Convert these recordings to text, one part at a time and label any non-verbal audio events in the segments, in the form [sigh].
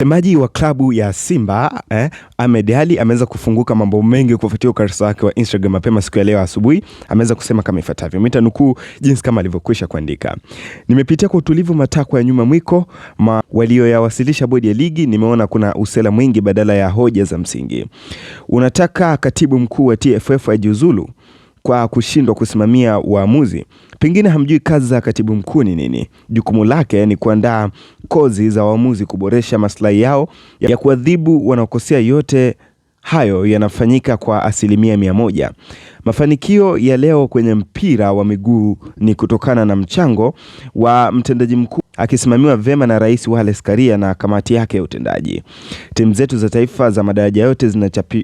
Msemaji wa klabu ya Simba eh, Ahmed Ally ameweza kufunguka mambo mengi kufuatia ukurasa wake wa Instagram mapema siku ya leo asubuhi. Ameweza kusema kama ifuatavyo, mitanukuu jinsi kama alivyokwisha kuandika: nimepitia kwa utulivu matakwa ya nyuma mwiko ma walioyawasilisha bodi ya ligi. Nimeona kuna usela mwingi badala ya hoja za msingi. Unataka katibu mkuu wa TFF ajiuzulu? kwa kushindwa kusimamia waamuzi. Pengine hamjui kazi za katibu mkuu ni nini. Jukumu lake ni kuandaa kozi za waamuzi, kuboresha maslahi yao, ya kuadhibu wanaokosea yote hayo yanafanyika kwa asilimia mia moja. Mafanikio ya leo kwenye mpira wa miguu ni kutokana na mchango wa mtendaji mkuu akisimamiwa vema na Rais Wallace Karia na kamati yake ya utendaji. Timu zetu za taifa za madaraja yote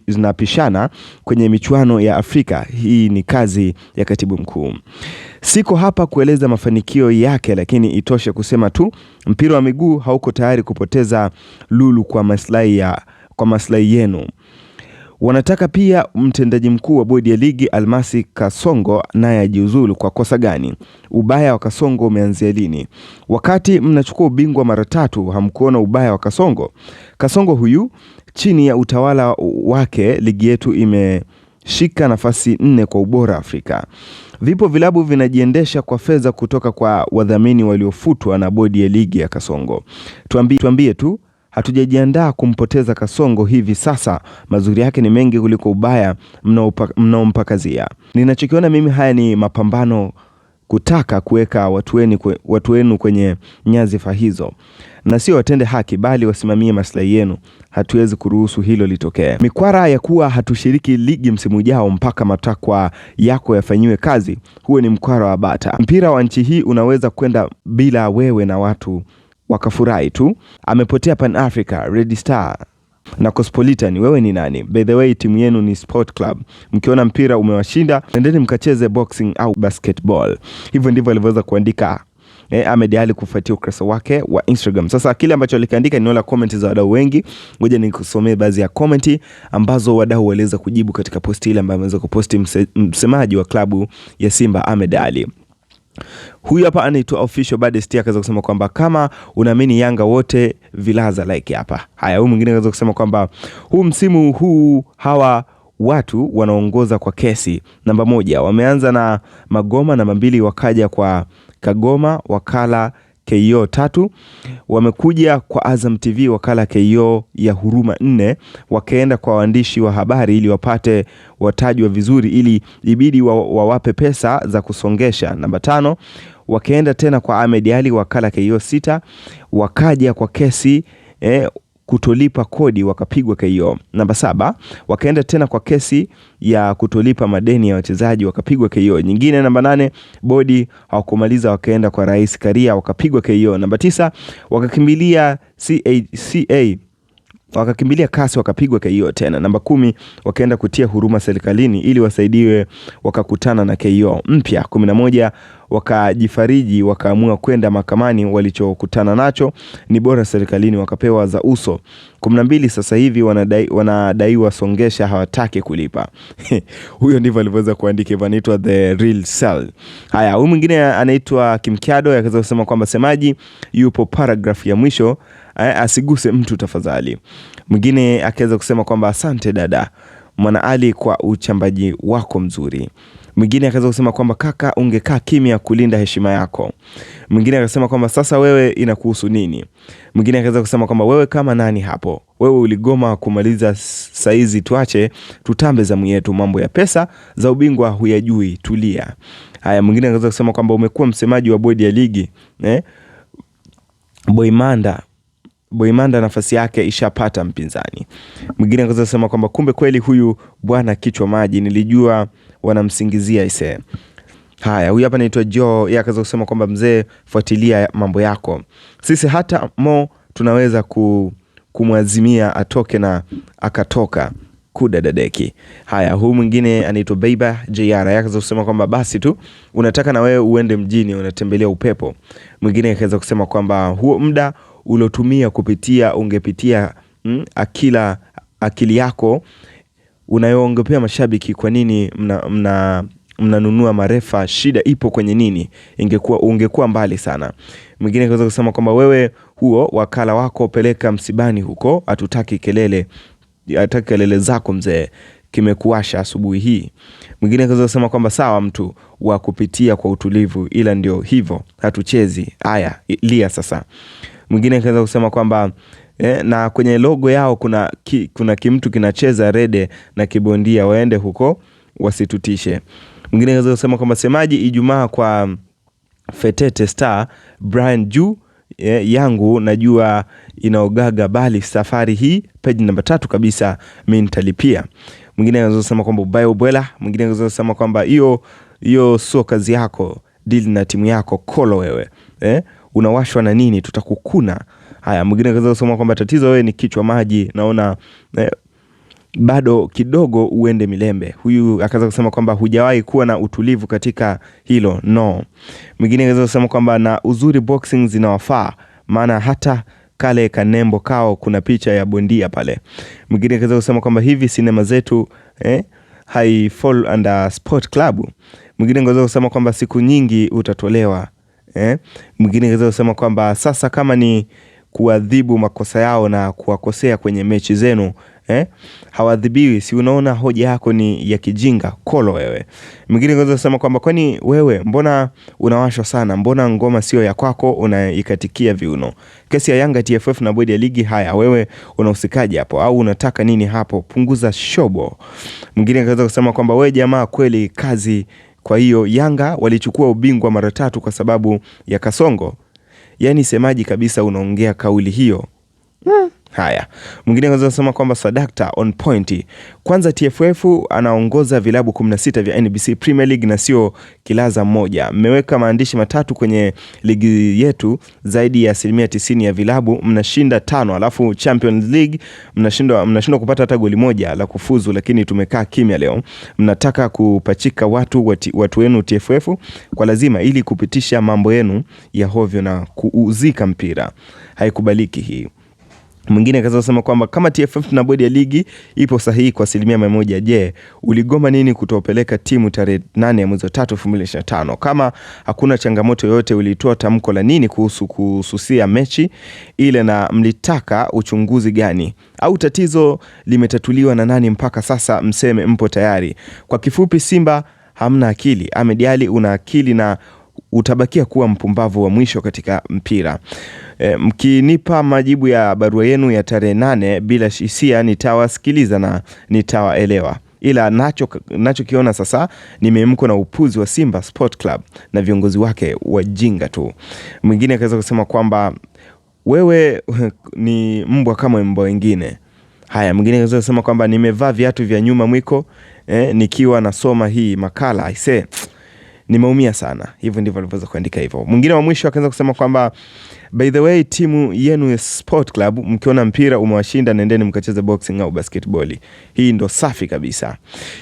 zinapishana kwenye michuano ya Afrika. Hii ni kazi ya katibu mkuu. Siko hapa kueleza mafanikio yake, lakini itoshe kusema tu mpira wa miguu hauko tayari kupoteza lulu kwa maslahi ya kwa maslahi yenu. Wanataka pia mtendaji mkuu wa bodi ya ligi Almasi Kasongo naye ajiuzulu. Kwa kosa gani? Ubaya wa Kasongo umeanzia lini? Wakati mnachukua ubingwa mara tatu, hamkuona ubaya wa Kasongo? Kasongo huyu, chini ya utawala wake ligi yetu imeshika nafasi nne kwa ubora Afrika. Vipo vilabu vinajiendesha kwa fedha kutoka kwa wadhamini waliofutwa na bodi ya ligi ya Kasongo. Tuambie, tuambie tu hatujajiandaa kumpoteza Kasongo hivi sasa. Mazuri yake ni mengi kuliko ubaya mnaompakazia. Ninachokiona mimi, haya ni mapambano kutaka kuweka watu wenu kwenye nyadhifa hizo, na sio watende haki, bali wasimamie maslahi yenu. Hatuwezi kuruhusu hilo litokee. Mikwara ya kuwa hatushiriki ligi msimu ujao mpaka matakwa yako yafanyiwe kazi, huo ni mkwara wa bata. Mpira wa nchi hii unaweza kwenda bila wewe na watu wakafurahi tu. Amepotea Pan Africa, Red Star na Cosmopolitan. Wewe ni nani? By the way, timu yenu ni Sport Club. Mkiona mpira umewashinda, nendeni mkacheze boxing au basketball. Hivyo ndivyo alivyoweza kuandika E, Ahmed Ally kufuatia ukurasa wake wa Instagram. Sasa kile ambacho alikiandika ni la comment za wadau wengi. Ngoja nikusomee baadhi ya comment ambazo wadau waliweza kujibu katika posti ile ambayo ameweza kuposti mse, msemaji wa klabu ya Simba Ahmed Ally. Huyu hapa anaitwa official stia, akaweza kusema kwamba kama unaamini Yanga wote vilaza like hapa. Haya, huyu mwingine akaweza kusema kwamba huu msimu huu hawa watu wanaongoza kwa kesi. Namba moja wameanza na Magoma, namba mbili wakaja kwa Kagoma wakala KO tatu wamekuja kwa Azam TV wakala KO ya huruma nne, wakaenda kwa waandishi wa habari ili wapate watajwa vizuri, ili ibidi wawape wa pesa za kusongesha. Namba tano wakaenda tena kwa Ahmed ali wakala KO sita, wakaja kwa kesi eh, kutolipa kodi wakapigwa KO. Namba saba, wakaenda tena kwa kesi ya kutolipa madeni ya wachezaji wakapigwa KO. Nyingine namba nane, bodi hawakumaliza wakaenda kwa Rais Karia wakapigwa KO. Namba tisa, wakakimbilia CA, CA wakakimbilia kasi wakapigwa KO tena. Namba kumi wakaenda kutia huruma serikalini ili wasaidiwe wakakutana na KO mpya. kumi na moja wakajifariji, wakaamua kwenda mahakamani. Walichokutana nacho ni bora serikalini, wakapewa za uso kumi na mbili. Sasa hivi wanadai, wanadaiwa songesha, hawataki kulipa [laughs] huyo ndivyo alivyoweza kuandika hivyo, anaitwa the real Haya, huyu mwingine anaitwa kimkiado akaweza kusema kwamba semaji yupo paragraph ya mwisho eh, asiguse mtu tafadhali. Mwingine akaweza kusema kwamba asante dada Mwanaali kwa uchambaji wako mzuri. Mwingine akaweza kusema kwamba kaka, ungekaa kimya kulinda heshima yako. Mwingine akasema kwamba sasa wewe inakuhusu nini? Mwingine akaweza kusema kwamba wewe kama nani hapo? Wewe uligoma kumaliza, saizi tuache tutambe zamu yetu, mambo ya pesa za ubingwa huyajui, tulia. Haya, mwingine akaweza kusema kwamba umekuwa msemaji wa bodi ya ligi eh? Boimanda Boimanda nafasi yake ishapata mpinzani. Mwingine akaweza kusema kwamba kumbe kweli huyu bwana kichwa maji, nilijua wanamsingizia ise. Haya, huyu hapa anaitwa Jo, yeye akaweza kusema kwamba mzee, fuatilia mambo yako. Sisi hata Mo tunaweza ku, kumwazimia atoke na akatoka dadeki. Haya, huu mwingine anaitwa Beiba JR, akaweza kusema kwamba basi tu unataka na wewe uende mjini unatembelea upepo. Mwingine akaweza kusema kwamba huo muda uliotumia kupitia ungepitia mm, akila akili yako unayoongopea mashabiki, kwa nini mnanunua mna, mnanunua marefa? Shida ipo kwenye nini? Ingekuwa ungekuwa mbali sana. Mwingine kaweza kusema kwamba wewe, huo wakala wako peleka msibani huko, hatutaki kelele, hataki kelele zako mzee, kimekuasha asubuhi hii. Mwingine kaweza kusema kwamba sawa, mtu wa kupitia kwa utulivu, ila ndio hivyo, hatuchezi. Haya, lia sasa. Mwingine kaweza kusema kwamba eh, na kwenye logo yao kuna, ki, kuna kimtu kinacheza rede na kibondia, waende huko wasitutishe. Mwingine anaweza kusema kwamba semaji Ijumaa kwa Fetete Star Brian Ju eh, yangu najua inaogaga, bali safari hii page namba tatu kabisa mimi nitalipia. Mwingine anaweza kusema kwamba ubaya ubwela. Mwingine anaweza kusema kwamba hiyo hiyo sio kazi yako, deal na timu yako kolo wewe eh, unawashwa na nini? Tutakukuna. Haya, mwingine akaweza kusema kwamba tatizo wewe ni kichwa maji, naona eh, bado kidogo uende milembe. Huyu akaweza kusema kwamba hujawahi kuwa na utulivu katika hilo no. Mwingine akaweza kusema kwamba na uzuri boxing zinawafaa, maana hata kale kanembo kao kuna picha ya bondia pale. Mwingine akaweza kusema kwamba hivi sinema zetu eh, hai fall under sport club. Mwingine akaweza kusema kwamba siku nyingi utatolewa eh. Mwingine akaweza kusema kwamba sasa kama ni kuadhibu makosa yao na kuwakosea kwenye mechi zenu eh? Hawadhibiwi, Si unaona hoja yako ni ya kijinga kolo wewe. Mwingine anaweza kusema kwamba kwani wewe mbona unawashwa sana, mbona ngoma sio ya kwako unaikatikia viuno? Kesi ya Yanga TFF na bodi ya ligi, haya wewe unahusikaje hapo au unataka nini hapo? Punguza shobo. Mwingine anaweza kusema kwamba wewe jamaa, kweli kazi. Kwa hiyo Yanga walichukua ubingwa mara tatu kwa sababu ya Kasongo yaani semaji kabisa unaongea kauli hiyo mm. Haya, mwingine kusema kwamba Sadakta on point. Kwanza TFF anaongoza vilabu 16 vya NBC Premier League na sio kilaza moja Mmeweka maandishi matatu kwenye ligi yetu, zaidi ya asilimia 90 ya vilabu mnashinda tano, alafu Champions League mnashindwa mnashindwa kupata hata goli moja la kufuzu, lakini tumekaa kimya leo. Mnataka kupachika watu wati, watu wenu TFF kwa lazima ili kupitisha mambo yenu ya hovyo na kuuzika mpira. Haikubaliki hii. Mwingine akaweza kusema kwamba kama TFF na bodi ya ligi ipo sahihi kwa asilimia mia moja, je, uligoma nini kutopeleka timu tarehe 8 ya mwezi wa 3 Kama hakuna changamoto yoyote, ulitoa tamko la nini kuhusu kususia mechi ile, na mlitaka uchunguzi gani, au tatizo limetatuliwa na nani mpaka sasa? Mseme mpo tayari. Kwa kifupi, Simba hamna akili. Ahmed Ally una akili na utabakia kuwa mpumbavu wa mwisho katika mpira. E, mkinipa majibu ya barua yenu ya tarehe nane bila hisia nitawasikiliza na nitawaelewa ila nacho nachokiona sasa nimemko na upuzi wa Simba Sport Club na viongozi wake wajinga tu. Mwingine akaweza kusema kwamba wewe eh, ni mbwa kama mbwa wengine. Haya, mwingine akaweza kusema kwamba nimevaa viatu vya nyuma mwiko eh, nikiwa nasoma hii makala aise nimeumia sana. Hivyo ndivyo alivyoweza kuandika hivyo. Mwingine wa mwisho akaanza kusema kwamba By the way, timu yenu ya Sport Club mkiona mpira umewashinda, nendeni mkacheze boxing au basketball. Hii ndo safi kabisa.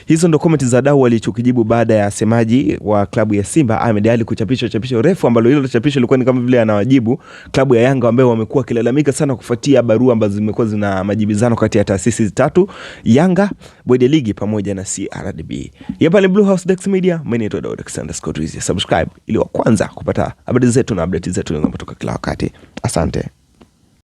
Hizo ndo comment za dau walichokijibu baada ya semaji wa klabu ya Simba Ahmed Ally kuchapisha chapisho refu ambalo hilo chapisho lilikuwa ni kama vile anawajibu klabu ya Yanga ambao wamekuwa wakilalamika sana kufuatia barua ambazo zimekuwa zina majibizano kati ya taasisi tatu, Yanga, Bodi ya Ligi pamoja na CRDB. Hapa ni Blue House Dax Media. Mimi ni Daud Alexander Scott. Subscribe ili wa kwanza kupata habari zetu na update zetu zinazotoka kila wakati wakati. Asante.